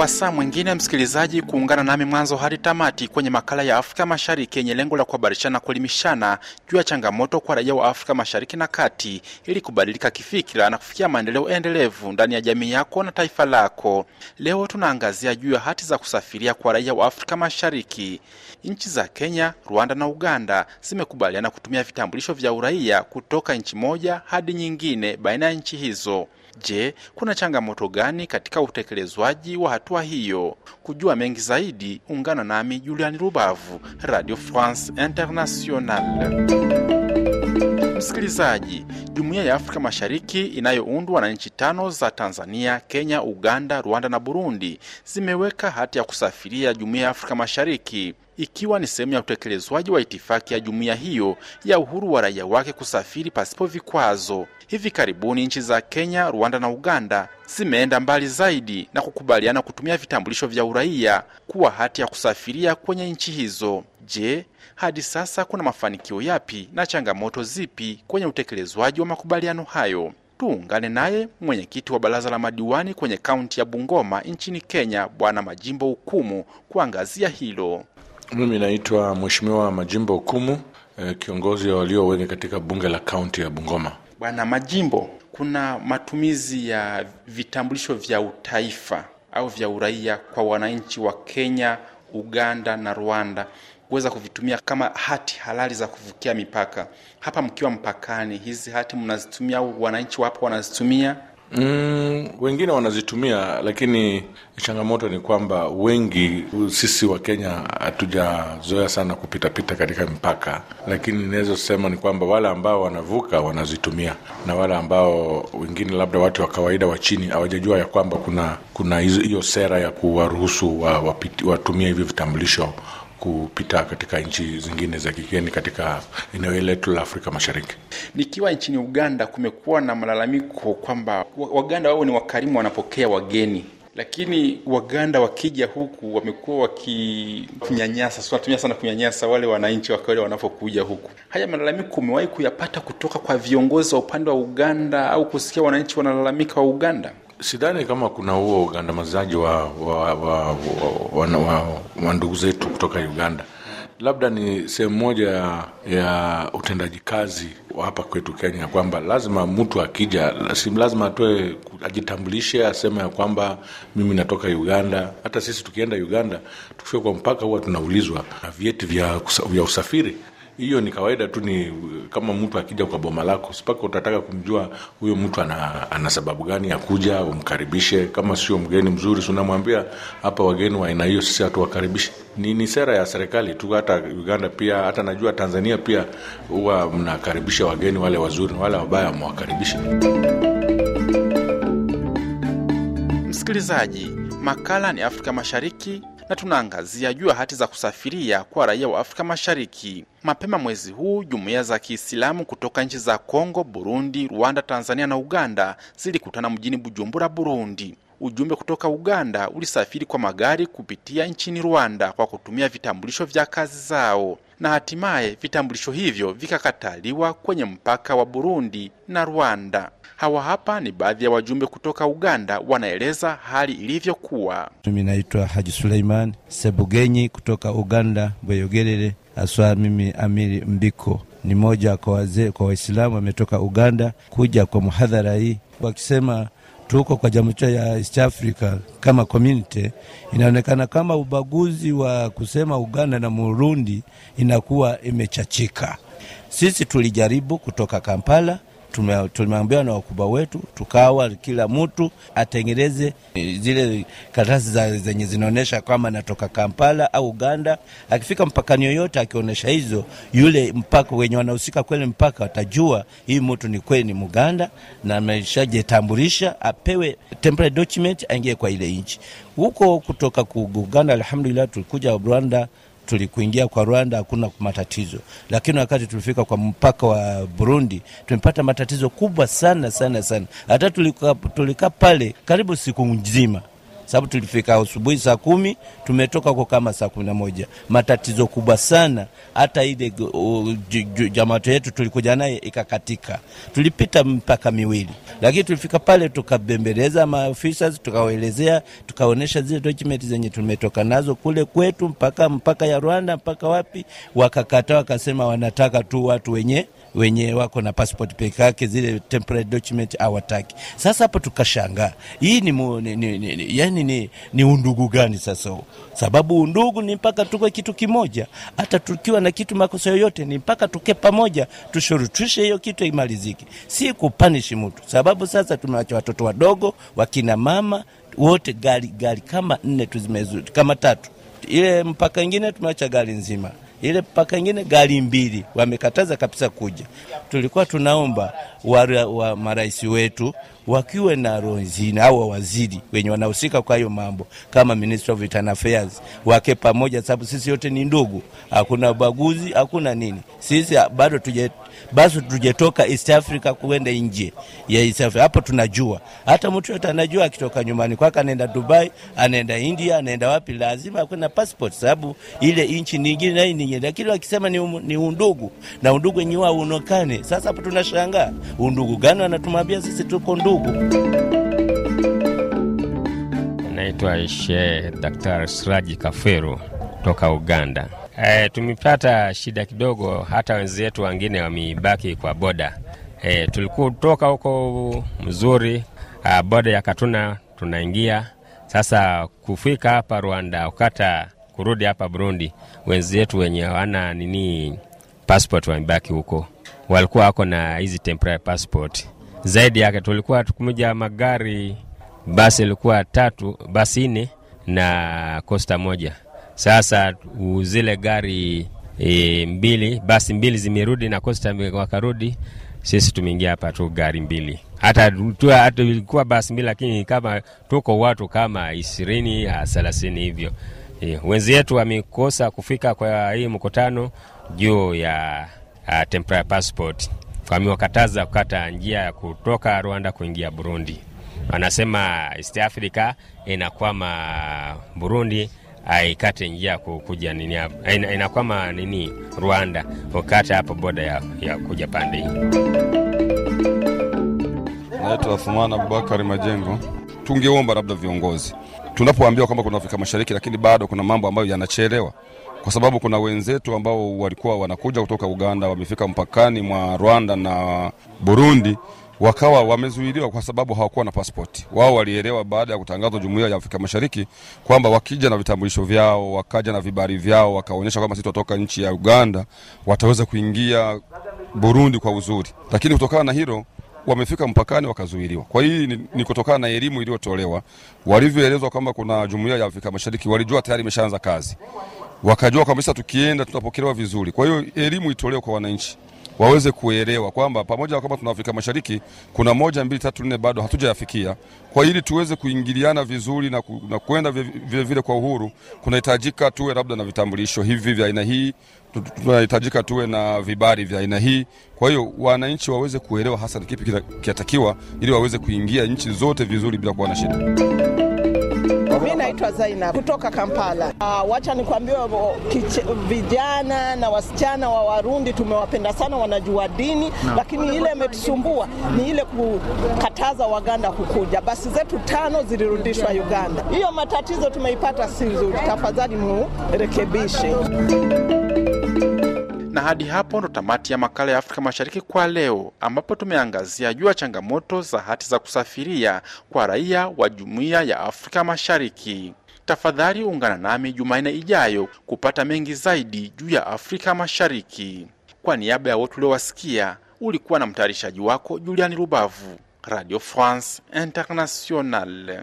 wasaa mwingine msikilizaji kuungana nami mwanzo hadi tamati kwenye makala ya Afrika Mashariki yenye lengo la kuhabarishana kuelimishana juu ya changamoto kwa raia wa Afrika Mashariki na Kati ili kubadilika kifikira na kufikia maendeleo endelevu ndani ya jamii yako na taifa lako. Leo tunaangazia juu ya hati za kusafiria kwa raia wa Afrika Mashariki. Nchi za Kenya, Rwanda na Uganda zimekubaliana kutumia vitambulisho vya uraia kutoka nchi moja hadi nyingine baina ya nchi hizo. Je, kuna changamoto gani katika utekelezwaji wa hatu hatua hiyo. Kujua mengi zaidi, ungana nami Juliani Rubavu, Radio France International. Msikilizaji, Jumuiya ya Afrika Mashariki inayoundwa na nchi tano za Tanzania, Kenya, Uganda, Rwanda na Burundi zimeweka hati ya kusafiria Jumuiya ya Afrika Mashariki ikiwa ni sehemu ya utekelezwaji wa itifaki ya jumuiya hiyo ya uhuru wa raia wake kusafiri pasipo vikwazo. Hivi karibuni nchi za Kenya, Rwanda na Uganda zimeenda mbali zaidi na kukubaliana kutumia vitambulisho vya uraia kuwa hati ya kusafiria kwenye nchi hizo. Je, hadi sasa kuna mafanikio yapi na changamoto zipi kwenye utekelezwaji wa makubaliano hayo? Tuungane naye mwenyekiti wa baraza la madiwani kwenye kaunti ya Bungoma nchini Kenya, Bwana Majimbo Hukumu, kuangazia hilo. Mimi naitwa Mheshimiwa Majimbo kumu eh, kiongozi wa walio wengi katika bunge la kaunti ya Bungoma. Bwana Majimbo, kuna matumizi ya vitambulisho vya utaifa au vya uraia kwa wananchi wa Kenya, Uganda na Rwanda kuweza kuvitumia kama hati halali za kuvukia mipaka. Hapa mkiwa mpakani, hizi hati mnazitumia au wananchi wapo wanazitumia? Mm, wengine wanazitumia lakini changamoto ni kwamba wengi sisi wa Kenya hatujazoea sana kupitapita katika mpaka, lakini inaweza sema ni kwamba wale ambao wanavuka wanazitumia na wale ambao wengine labda watu wa kawaida wa chini hawajajua ya kwamba kuna kuna hiyo sera ya kuwaruhusu wa, watumie hivi vitambulisho kupita katika nchi zingine za kigeni katika eneo letu la Afrika Mashariki. Nikiwa nchini Uganda, kumekuwa na malalamiko kwamba Waganda wao ni wakarimu, wanapokea wageni lakini Waganda wakija huku wamekuwa wakinyanyasa, tunatumia sana kunyanyasa wale wananchi wa kawaida wanapokuja huku. Haya malalamiko umewahi kuyapata kutoka kwa viongozi wa upande wa Uganda au kusikia wananchi wanalalamika wa Uganda? Sidhani kama kuna huo ugandamazaji wa wa, wa, wa, wa, wa, wa, wa wa kutoka Uganda. Labda ni sehemu moja ya utendaji kazi wa hapa kwetu Kenya, kwamba lazima mtu akija, si lazima atoe ajitambulishe, asema ya kwamba mimi natoka Uganda. Hata sisi tukienda Uganda, tukifika kwa mpaka, huwa tunaulizwa na vyeti vya, vya usafiri hiyo ni kawaida tu, ni kama mtu akija kwa boma lako, sipaka utataka kumjua huyo mtu ana, ana sababu gani ya kuja umkaribishe. Kama sio mgeni mzuri, unamwambia hapa, wageni wa aina hiyo sisi hatuwakaribishe. Ni, ni sera ya serikali tu, hata Uganda pia, hata najua Tanzania pia huwa mnakaribisha wageni wale wazuri, na wale wabaya mwakaribishe. Msikilizaji, makala ni Afrika Mashariki na tunaangazia juu ya hati za kusafiria kwa raia wa Afrika Mashariki. Mapema mwezi huu jumuiya za Kiislamu kutoka nchi za Kongo, Burundi, Rwanda, Tanzania na Uganda zilikutana mjini Bujumbura, Burundi. Ujumbe kutoka Uganda ulisafiri kwa magari kupitia nchini Rwanda kwa kutumia vitambulisho vya kazi zao na hatimaye vitambulisho hivyo vikakataliwa kwenye mpaka wa Burundi na Rwanda. Hawa hapa ni baadhi ya wajumbe kutoka Uganda wanaeleza hali ilivyokuwa. Mimi naitwa Haji Suleiman Sebugenyi kutoka Uganda, Bweyogerere haswa. Mimi Amiri Mbiko ni mmoja kwa wazee kwa Waislamu ametoka Uganda kuja kwa mhadhara hii wakisema tuko kwa Jamhuri ya East Africa kama community, inaonekana kama ubaguzi wa kusema Uganda na Murundi inakuwa imechachika. Sisi tulijaribu kutoka Kampala tumeambiwa na wakubwa wetu, tukawa kila mtu atengeneze e, zile karatasi zenye zinaonyesha kwamba anatoka Kampala au Uganda. Akifika mpakani yoyote akionyesha hizo, yule mpaka wenye wanahusika kweli mpaka watajua hii mtu ni kweli ni Muganda na ameshajitambulisha, apewe temporary document, aingie kwa ile nchi. Huko kutoka ku Uganda, alhamdulillah tulikuja Rwanda tulikuingia kwa Rwanda hakuna matatizo, lakini wakati tulifika kwa mpaka wa Burundi tumepata matatizo kubwa sana sana sana. Hata tulikaa tulika pale karibu siku nzima, sababu tulifika asubuhi saa kumi, tumetoka huko kama saa kumi na moja. Matatizo kubwa sana, hata ile jamato yetu tulikuja naye ikakatika, tulipita mpaka miwili, lakini tulifika pale tukabembeleza maofisa, tukawaelezea, tukaonyesha zile dokumenti zenye tumetoka nazo kule kwetu mpaka mpaka ya Rwanda mpaka wapi, wakakataa, wakasema wanataka tu watu wenye wenye wako na passport peke yake, zile temporary document hawataki. Sasa hapo tukashangaa, hii ni, ni, ni, ni, yani ni, ni undugu gani sasa? Sababu undugu ni mpaka tuwe kitu kimoja, hata tukiwa na kitu makosa yoyote ni mpaka tuke pamoja, tushurutishe hiyo kitu imalizike, si kupanishi mtu. Sababu sasa tumewacha watoto wadogo, wakina mama wote, gari gari kama nne tu zimezuri kama tatu, ile mpaka ingine tumewacha gari nzima ile mpaka ingine gari mbili wamekataza kabisa kuja. Tulikuwa tunaomba wa, wa marais wetu wakiwe na ronzini au waziri wenye wanahusika kwa hiyo mambo kama Minister of Internal Affairs wake pamoja, sababu sisi yote ni ndugu, hakuna ubaguzi, hakuna nini. Sisi bado tuje basi tujetoka East Africa kuenda nje ya East Africa. Hapo tunajua hata mtu yote anajua, akitoka nyumbani kwake anaenda Dubai, anaenda India, anaenda wapi, lazima akuwe na passport, sababu ile nchi nyingine na nyingine. Lakini wakisema ni, um, ni undugu na undugu wenyewe unokane. Sasa hapo tunashangaa undugu gani wanatumwambia sisi tuko ndugu. Naitwa Sheikh daktar Siraji Kafero kutoka Uganda. Eh, tumepata shida kidogo, hata wenzetu wengine wamebaki kwa boda. Eh, tulikuwa toka huko mzuri ah, boda ya Katuna tunaingia sasa kufika hapa Rwanda ukata kurudi hapa Burundi, wenzetu wenye hawana nini passport wamebaki huko, walikuwa wako na hizi temporary passport. Zaidi yake tulikuwa tukumuja magari, basi ilikuwa tatu, basi nne na kosta moja sasa zile gari e, mbili basi mbili zimerudi na kosta wakarudi, sisi tumeingia hapa tu gari mbili hata ilikuwa basi mbili, lakini kama tuko watu kama ishirini thelathini hivyo e, wenzetu wamekosa kufika kwa hii mkutano juu ya a, temporary passport wamewakataza kukata njia ya kutoka Rwanda kuingia Burundi. Wanasema East Africa inakwama Burundi aikate njia kukuja nini hapa, inakwama nini Rwanda, ukate hapo boda ya, ya kuja pande hii. Naitwa Fumana Abubakari Majengo. Tungeomba labda viongozi tunapoambiwa kwamba kuna Afrika Mashariki, lakini bado kuna mambo ambayo yanachelewa, kwa sababu kuna wenzetu ambao walikuwa wanakuja kutoka Uganda, wamefika mpakani mwa Rwanda na Burundi wakawa wamezuiliwa kwa sababu hawakuwa na pasipoti. Wao walielewa baada ya kutangazwa jumuiya ya Afrika Mashariki kwamba wakija na vitambulisho vyao, wakaja na vibali vyao, wakaonyesha kwamba sisi tunatoka nchi ya Uganda, wataweza kuingia Burundi kwa uzuri, lakini kutokana na hilo wamefika mpakani wakazuiliwa. Kwa hii ni, ni kutokana na elimu iliyotolewa. Walivyoelezwa kwamba kuna jumuiya ya Afrika Mashariki, walijua tayari imeshaanza kazi, wakajua kabisa tukienda tutapokelewa vizuri. Kwa hiyo elimu itolewe kwa wananchi waweze kuelewa kwamba pamoja na kwamba tuna Afrika Mashariki kuna moja mbili tatu nne bado hatujayafikia. Kwa ili tuweze kuingiliana vizuri na, ku, na kuenda vilevile vile kwa uhuru, kunahitajika tuwe labda na vitambulisho hivi vya aina hii, tunahitajika tuwe na vibali vya aina hii. Kwa hiyo wananchi waweze kuelewa hasa ni kipi kinatakiwa, ili waweze kuingia nchi zote vizuri bila kuwa na shida. Mimi naitwa Zainab kutoka Kampala. Uh, wacha nikwambie vijana na wasichana wa Warundi tumewapenda sana, wanajua dini no. Lakini ile imetusumbua ni ile kukataza Waganda kukuja. Basi zetu tano zilirudishwa Uganda. Hiyo matatizo tumeipata si nzuri, tafadhali murekebishe. Na hadi hapo ndo tamati ya makala ya Afrika Mashariki kwa leo, ambapo tumeangazia juu ya changamoto za hati za kusafiria kwa raia wa Jumuiya ya Afrika Mashariki. Tafadhali ungana nami Jumanne ijayo kupata mengi zaidi juu ya Afrika Mashariki. Kwa niaba ya wote uliowasikia, ulikuwa na mtayarishaji wako Juliani Rubavu, Radio France Internationale.